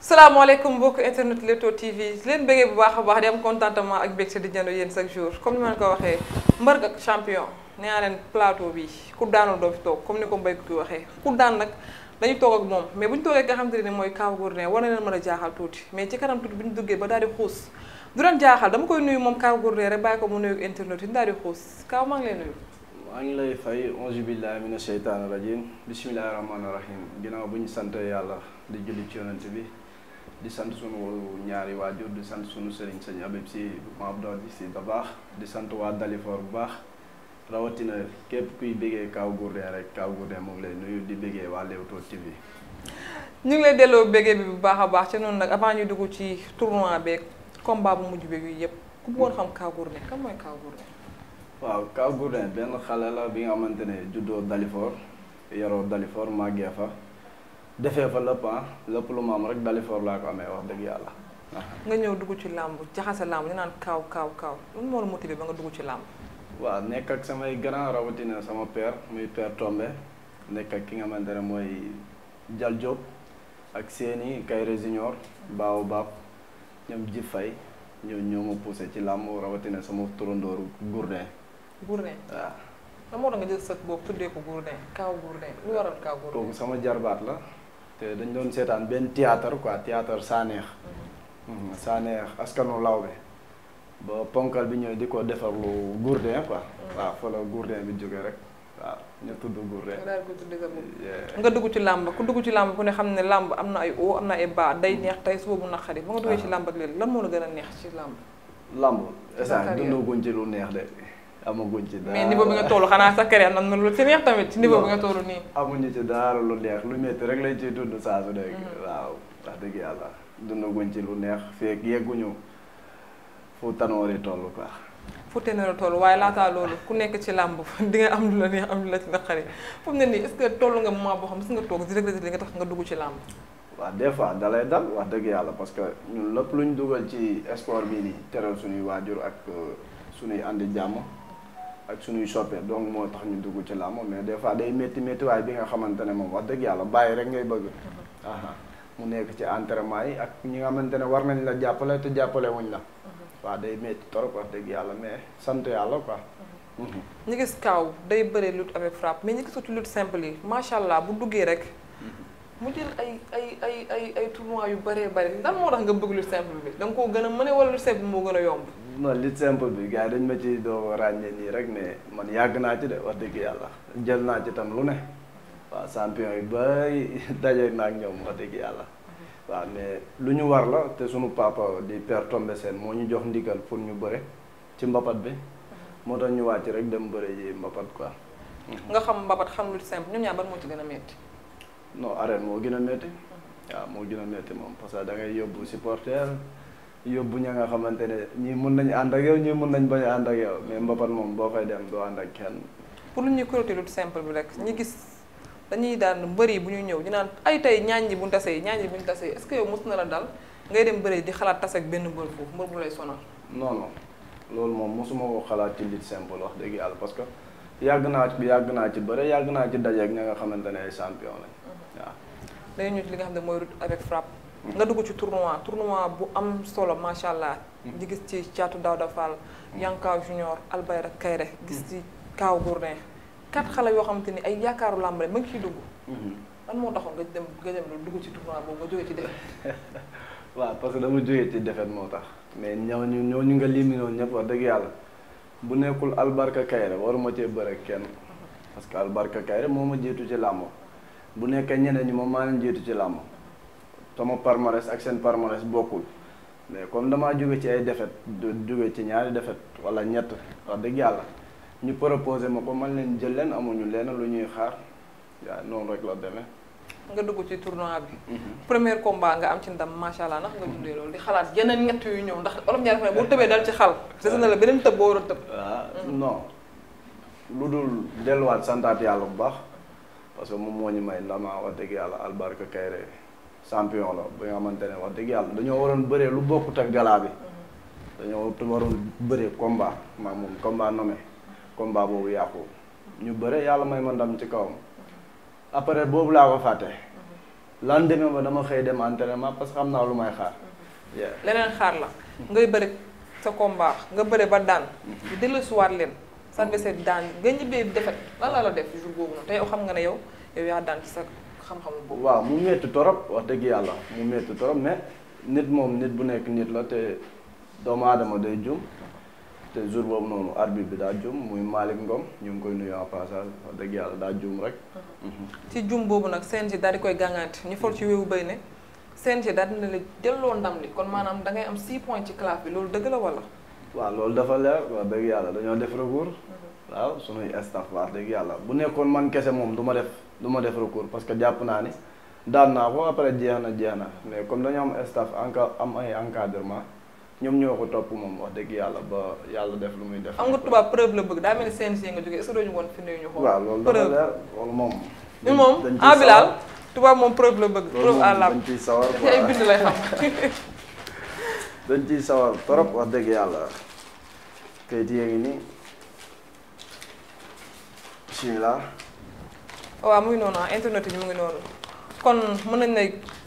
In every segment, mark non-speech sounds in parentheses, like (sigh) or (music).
salaamaaleykum mbokk internet Leewtoo TV leen bëggee bu baax a baax di am contentement ak bégte di jënd yéen chaque jour comme ni ma ko waxee mbër ak champion nee leen plateau bi ku daanul doo fi toog comme ni ko mbéy ki waxee ku daan nag dañu toog ak moom mais bu ñu toogee nga xam te ne mooy Kaaw Gourdin war na leen mën a jaaxal tuuti mais ci kanam tuuti bi ñu duggee ba daal di xuus du doon jaaxal dama koy nuyu moom Kaaw Gourdin rek bàyyi ko mu nuyu internet yi daal di xuus Kaaw maa ngi lay nuyu. maa ngi lay fay auzu billahi mina sheytaani rajim bismillahi rahmaani rahim ginnaaw bu ñu sant yàlla di julli ci yonent bi di sant sunu ñaari waajur di sant sunu seriñ sëñ Abib si Maodo di si da baax di sant waa Dalifor bu baax rawatina képp kuy bëggee Kaw Gourdin rek Kaw Gourdin moom lay nuyu di bëggee waa Leewtoo TV. ñu ngi lay delloo bëggee bi bu baax a baax ci noonu nag avant ñu duggu ci tournoi beeg combat bu mujj beeg yëpp ku bëggoon xam Kaw Gourdin kan mooy Kaw Gourdin. waaw Kaw Gourdin benn xale la bi nga xamante ne juddoo Dalifor yaroo Dalifor màggee fa defee fa lépp ah lépp lu ma am rek Dalifor laa ko amee wax dëgg yàlla. nga ñëw dugg ci làmb jaxase làmb ñu naan Kaw Kaw Kaw lan moo la motivé ba nga dugg ci làmb. waaw nekk ak samay grand rawatina sama per muy père Tombe nekk ak ki nga xamante ne mooy jal Diop ak seeni kay Junior Baaw Baab ñoom ji fay ñoo ñoo ma ci làmb rawatina sama turandooru Gourdin. Gourdin waaw. lan moo tax nga jël sa bopp tuddee ko Gourdin Kaaw Gourdin lu waral Kaaw Gourdin. kooku sama jarbaat la te dañ doon seetaan benn théâtre quoi théâtre Saneex. Mm-hmm. Mm-hmm. Saneex askanu lawbe. ba ponkal bi ñëw di ko defar lu gourdin quoi. Mm. waaw fa gourdin bi jóge rek waaw ñu tudd gourdin. nga dugg ci làmb ku dugg ci làmb ku ne xam ne làmb am na ay am na ay bas neex tey suba mu naqari ba nga duggee ci ah. làmb ak léegi moo la gën a neex ci làmb. làmb instant dundaguñ ci lu neex de. amaguñ ci dara mais niveau bi xanaa sa kër am na lu ci neex tamit. ci niveau bi nga toll nii. amuñu ci dara lu neex lu métti rek lañ ciy dund saa su nekk. Mm. waaw wax dëgg yàlla dundaguñ ci lu neex feeg yegguñu fu tanoore tollu quoi. fu tanoore toll waaye laataa loolu ku nekk ci làmb di nga am lu la am lu la ci naqari fu mu ne nii est-ce que toll nga moment boo xam ne si nga toog di regretter li nga tax nga dugg ci làmb. waaw des fois da dal wax dëgg yàlla parce que ñun lépp lu ñu dugal ci sport bi nii teral suñuy waajur ak euh, suñuy àndi jàmm ak suñuy soppee donc moo tax ñu dugg ci làmb mais des fois day métti métti waaye bi nga xamante ne moom wax dëgg yàlla bàyyi rek ngay bëgg. Mhm. mu nekk ci entraînement yi ak ñi nga xamante ne war nañ la jàppale te wuñ la. waaw day métti trop wax dëgg yàlla mais sant yàlla quoi. Mmh. ñu gis kaaw day bëree lutte avec frappe mais ñu gis ko ci lutte simple yi macha allah bu duggee rek. mu jël ay ay ay ay ay tournois yu bëree bëri lan moo tax nga bëgg lutte simple bi da nga koo gën a mëne wala lutte simple moo gën a yomb. non simple bi gars dañ ma ci doo ràññee nii rek ne man yàgg naa ci de wax dëgg yàlla jël naa ci tam lu ne waaw champion yu bëri (laughs) daje naa ak ñoom wax dëgg yàlla. waaw mais lu ñu war la te sunu papa di père Tombé Sène moo ñu jox ndigal pour ñu bëre ci mbapat bi mhm. moo tax ñu wàcc rek dem bëre yi mbapat quoi. Mhm. nga xam mbapat xam lu simple ñoom ñaar ban moo ci gën a métti. non arène moo gën a métti. Mhm. waaw moo gën a métti moom parce que da ngay yóbbu supporter yóbbu ña nga xamante ne ñii mun nañu ànd ak yow ñii mun nañ bañ ànd ak yow mais mbapat moom boo koy dem doo ànd ak kenn. pour lu ñuy kuréel lu simple bi rek ñi dañuy daan mbër yi bu ñu ñëw ñu naan ay tey ñaañ ji bu ñu tasee ñaañ ji bu ñu tasee est-ce que yow mos na la dal ngay dem bëri di xalaat tase ak benn mbër foofu mbër bu lay sonal. non loolu moom mosuma ko xalaat ci lutte simple wax dëgg yàlla parce que yàgg naa ci yàgg naa ci bëre yàgg naa ci dajeeg ña nga xamante ne ay champion lañ mhm. waaw. dañuy ñëw ci li nga xam ne mooy lutte avec frappe. nga dugg ci tournoi tournoi bu am solo macha allah. di mhm. gis ci caatu Daouda Fall. Mhm. Yanka Junior Albayra Kayre gis ci Kaaw Gourné. quatre xale yoo xamante ni ay yaakaaru làmb rek ma ngi ciy dugg. Mhm. lan moo taxoon nga dem nga dem dugg ci tournoi boobu nga jógee ci defet. (laughs) waaw parce que dama jógee ci defet moo tax. mais ñu ñooñu ñu nga liminoon ñëpp wax dëgg yàlla bu nekkul albarka kayre waruma cee bëre kenn. parce que albarka kayre moo ma jiitu ci làmb bu nekkee ñeneen ñi moom maa leen jiitu ci làmb sama palmarès ak seen palmarès bokkul mais comme damaa jóge ci ay defet jóge ci ñaari defet wala ñett wax dëgg yàlla. ñu proposé ma ko man leen jël leen amuñu leen lu ñuy xaar yaa noonu rek la deme nga dugg ci tournoi bi. Mhm. premier combat nga am ci ndam macha allah ndax nga dundee loolu di xalaat geneen ñett yu ñëw ndax olof ñaar dafa ne boo tëbee dal ci xal. Ah. des na la beneen tëb boo war a tëb. Ah, non lu dul delluwaat santaat yàlla bu baax parce que moom moo ñu may ndama ah, wax dëgg yàlla albarka Kayre champion la ba nga xamante ne wax dëgg yàlla dañoo waroon bëree lu bokkut ak galaa bi. Mhm. combat boobu yàqu ñu bëre yàlla may ma ndam ci kawam après boobu laa ko fàtte lendemain ba dama xëy dem entraînement parce xam naa lu may xaar leneen xaar la ngay bëre sa combat nga bëre ba daan mm-hmm. dellusiwaat leen sa adversaire daan nga ñibbee defet lan la la def jour boobu noonu te yow xam nga ne yow yow yaa daan ci sa xam-xamu waaw mu métti torop wax dëgg yàlla mu métti torop mais nit moom nit bu nekk nit la te doomu aadama day jum te jour boobu noonu arbitre bi daa juum muy Malick Ngom ñu ngi koy nuyu en passage dëgg yàlla daa juum rek. Uh-huh. ci juum boobu nag CNG daal di koy gàngaante ñu fol ci wéewu béy ne CNG daal dina la delloo ndam li kon maanaam da ngay am 6 points loolu dëgg la wala. waaw loolu dafa leer dëgg yàlla dañoo def recours. Uh-huh. waaw sunuy staff wax dëgg yàlla bu nekkoon man kese moom du ma def du ma def parce que jàpp naa ni daan naa ko après jeex na jeex na mais comme dañoo am staff encore am ay encadrement. ñoom ñoo ko topp moom wax dëgg yàlla ba yàlla def lu muy def. am nga tubaab preuve la bëgg daa mel ni CNG nga jógee est-ce que doo ñu woon fi ñu xool. loolu dafa leer loolu moom. ñun moom ah tubaab moom preuve la bëgg. preuve à l'âme dañ ciy sawar (laughs) ay bind lay (laughs) dañ ciy sawar trop wax dëgg yàlla kayit yaa ngi nii bismillah. waaw muy ah, internet yi mu ngi noonu kon mën nañ ne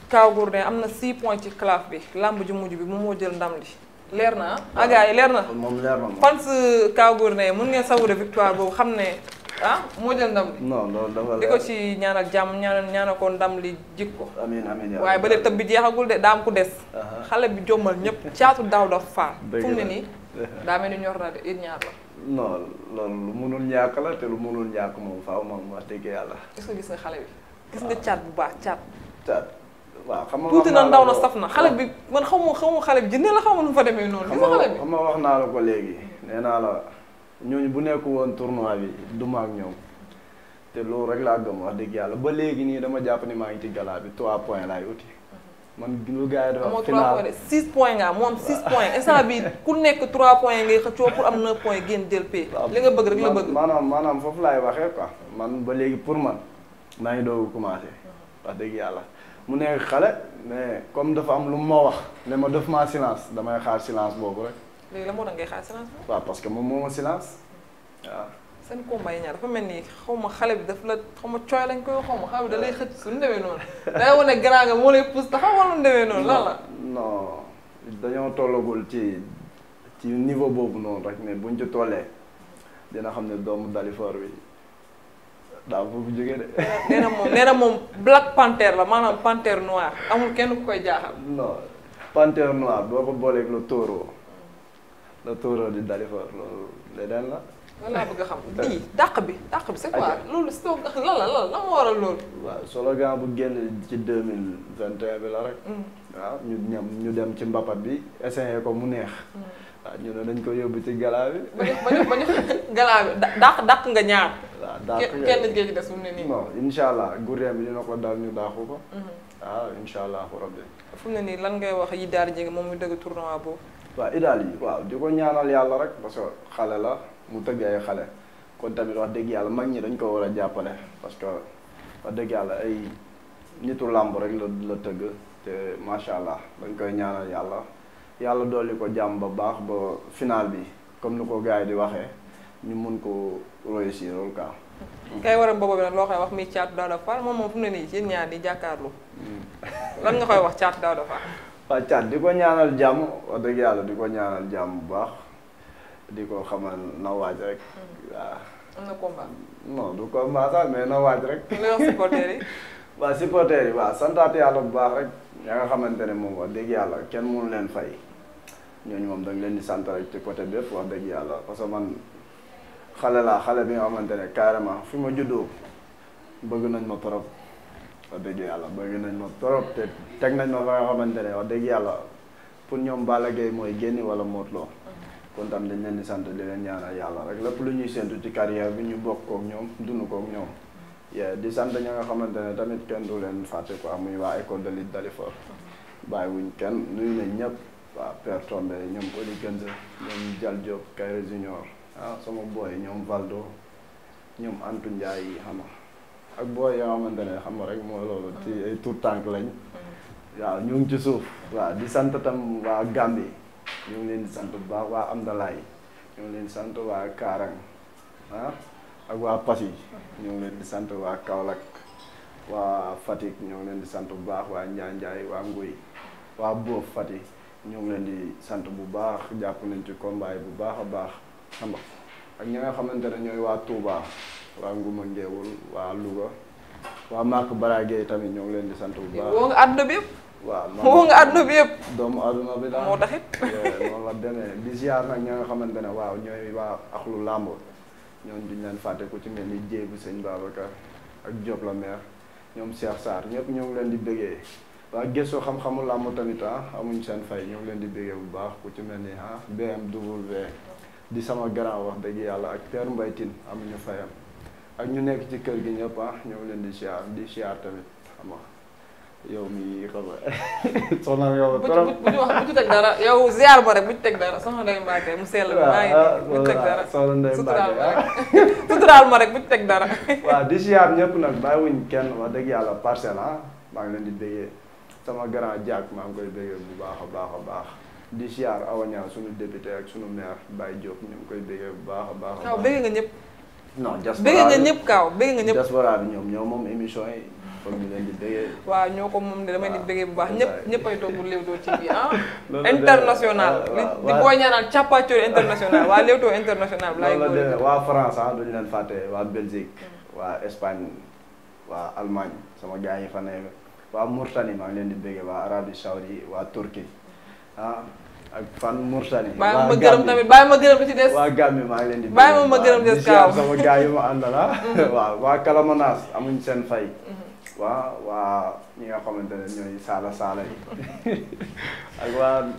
Kaw Gourdin am na 6 points ci classe bi làmb ji mujj bi moom moo jël ndam li. leer na ah yi leer na moom leer na moom fans Kaw Gourdin mun ngeen savourer victoire boobu xam ne ah moo jël ndam li non loolu dafa di ko ci ñaanal jàmm ñaanal ñaan ko ndam li jik ko amiin waaye ba léegi tëb bi jeexagul de daam ku des xale bi jommal ñëpp caatu daaw daf faa (laughs) fu mu nii daa mel ni ñor na de it ñaar la non loolu lu munul ñàkk la te lu munul ñàkk moom faaw moom wax dëgg yàlla est gis nga xale bi gis nga caat bu baax caat caat waaw xam nga tuuti na ndaw na saf na xale bi man xamu xamu xale bi la xamu mu fa demee noonu. gis nga wax naa la ko léegi nee naa la ñooñu bu nekk woon tournoi bi du ma ak ñoom te loolu rek laa gëm wax dëgg yàlla ba léegi nii dama jàpp ni maa ngi ci gala bi 3 points laay uti. man lu gars yi dafa am final amoo 6 points nga moom 6 points instant bi ku nekk 3 points ngay xëccoo pour am 9 points génn jël pay. li nga bëgg rek la bëgg. maanaam maanaam foofu laay waxee quoi man ba léegi pour man maa ngi doog commencé wax dëgg yàlla. mu nekk xale mais comme dafa am lu ma wax ne ma def maa silence damay xaar silence boobu rek. léegi la moo tax ngay xaar silence boobu. waaw parce que moom moo ma silence waaw. seen combat yi ñaar dafa mel nii xaw ma xale bi daf la xaw ma cooy lañ koy xaw ma xale bi da lay xëcc suñu demee noonu (laughs) day wane grand nga moo lay pousse dafa waroon demee noonu lan la. tollagul ci ci niveau boobu noonu rek mais ci tollee dina xam ne doomu Dalifort bi. daa foofu jógee de. (laughs) nee moom nee moom Black Panther la maanaam panthère noir amul kenn ku koy jaaxal. non panthère noir boo ko booleeg le taureau le taureau di Dalifort loolu leneen la. walla bëgg a xam di (laughs) dàq bi dàq bi c'est quoi loolu si toog lan la lan la waral loolu. waaw slogan bu génn ci deux mille vingt et bi la rek. Mm. waaw ñu ñam ñu dem ci mbapat bi essayé ko mu neex. Mm. waa ah, ñu ne nañ ko yóbbu ci galaa bi. ba ñu ba ñu galaa bi dàq dàq nga ñaar. waaw dàq nga kenn kenn ci des mu ne nii. bon incha allah gureen bi dina ko daal ñu daaxu ko. waaw mhm. ah, incha allah rabbi. fu mu ne nii lan ngay wax yi daal jege moom mu dëgg tournoi boobu. waaw idaal yi waaw di ko ñaanal yàlla rek parce que xale la mu tëgg ay xale kon tamit wax dëgg yàlla mag ñi dañ ko war a jàppale parce que wax dëgg yàlla ay nitu làmb rek la la tëgg te macha dañ koy ñaanal yàlla. yàlla dolli ko jàmm ba baax ba final bi comme ni ko gars yi di waxee ñu mun ko réussir loolu quoi. kay waram boobu nag loo koy wax muy Thiatou Daouda Fall moom moom fu mu ne nii di jàkkaarloo. Hmm. lan nga wax Thiatou Daouda Fall. (laughs) di ko ñaanal jàmm wax dëgg yàlla di ko ñaanal jàmm bu baax di ko xamal na waaj rek. Hmm. waaw am na combat. sax mais na waaj rek. li nga supporter yi. (laughs) waaw supporters yi waaw santaat yàlla bu baax rek yaa nga xamante ne moom wax dëgg yàlla kenn mënu leen fay ñooñu moom dañ leen di sant rek ci côté bépp wax dëgg yàlla parce que man xale laa xale bi nga xamante ne carrément fi ma juddoo bëgg nañ ma trop wax dëgg yàlla bëgg nañ ma trop te teg nañ ma fa nga xamante ne wax dëgg yàlla pour ñoom Balla Gaye mooy génni wala Modou kon tam dañ leen di sant di leen ñaanal yàlla rek lépp lu ñuy séntu ci carrière bi ñu bokk kook ñoom dund kook ñoom di sant ña nga xamante ne tamit kenn du leen fàtte quoi muy waa ecole de lutte Dalifort bàyyi wuñ kenn nuyu nañ ñëpp waa Père Tombe ñoom Oli Gënze ñoom Jal Diop Kayre Junior ah sama booy ñoom Valdo ñoom Antu Njaay yi xam nga ak booy yoo xamante ne xam nga rek mooy loolu ci mm. ay tout tànk lañ mm. waaw ñu ngi ci suuf waaw di sant tam waa Gambie ñu ngi leen sant bu baax waa am dalay ngi leen di sant waa Kaarang ah ak waa Pass yi ñoo ngi leen di sant waa Kaolack waa Fatick ñoo leen di sant bu baax waa Njaanjaay waa Nguy waa Boof Fatick ñoo ngi leen di sant bu baax jàpp nañ ci kombaay bu baax a baax xam nga ak ñi nga xamante ne ñooy waa Touba waa Nguma Ngeewul waa Louga waa Màkk tamit ñoo ngi leen di sant bu baax. woo nga àdduna bi yëpp. waaw woo nga àdduna bi yëpp. doomu àdduna bi daal moo taxit. (laughs) noonu la demee di nag ñi nga xamante ne waaw ñooy waa axlu làmb ñooñu duñ leen fàtte ku ci mel ni Dieng bu sëñ Babacar ak Diop la maire ñoom Cheikh Sarr ñëpp ñoo leen di bëggee waa gëstu xam-xamu tamit ah amuñ seen fay ñoo leen di bëggee bu baax ku ci mel ni ah BMW di sama grand wax dëgg yàlla ak Père Mbaye Tine amuñu fayam ak ñu nekk ci kër gi ñëpp ah leen di siyaar di siyaar tamit xam yow mi xam nga soxna yow. trop bu bu ci wax bu ci teg dara yow ziar ba rek bu ci teg dara soxna Ndeye Mbacke mu sell. waaw waaw bu ci teg dara suturaal ma rek suturaal ma rek bu ci teg dara. waa di ziar ñëpp nag bàyyiwuñ kenn wax dëgg yàlla parcelle ah maa ngi leen di déggee sama grand jaak maa ngi koy déggee bu baax a baax a baax. di ziar awaña suñu député ak suñu meer Baye Diop ñu ngi koy déggee bu baax a baax. waaw bëgg nga ñëpp. non diaspora bëgg nga ñëpp kaaw bëgg nga ñëpp. diaspora ñoom ñoom moom émission yi. kon ñu leen di bëggee. waaw ñoo ko moom dama di bëggee bu baax ñëpp ñëpp ay toogu Leewtoo TV ah. (laughs) international li di booy ñaanal cappaaccio international waa Leewtoo international. laay góor loolu waa France ah duñu leen fàtte waa Belgique. Hmm. waa Espagne waa Allemagne sama gars yi fa nekk waa Mauritanie maa ngi leen di bëggee waa Arabie Saoudi waa Turquie ah. ak fan Mauritanie. bàyyi ma gërëm tamit bàyyi ma gërëm ci des. waa Gambie maa ngi leen di. ma ma gërëm sama gars yi ma àndal ah. (laughs) hmm. seen fay. Hmm. waa waa ñi nga xamante ne ñooy saala saala yi (laughs) ak waa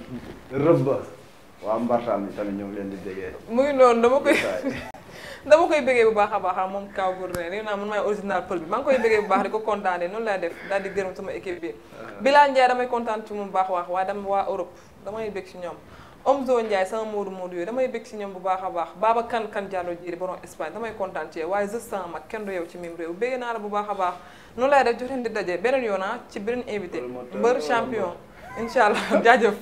rëbba waa mbartaan yi tamit ñoo ngi leen di déggee muy noonu dama koy (laughs) dama koy bëggee bu baax a baax moom Kaw Gourdin nee naa man maay original pël bi maa ngi koy bëggee bu baax di ko kontaanee noonu laa def daal di gërëm sama équipe bi ah. Bilal Ndiaye damay kontaan ci moom baax waax waa dama waa Europe damay bëgg ci ñoom Omzo Ndiaye sama Modou Modou yooyu damay bëgg ci ñoom bu baax a baax Baba Kan Kan Diallo jiri borom Espagne damay kontaan ci yow waaye je sens mag kenn du yow ci même réew bëgg naa la bu baax a baax noonu lay def joteen di daje beneen yoona ah ci beneen invité mbër champion incha allah (laughs) jaajëf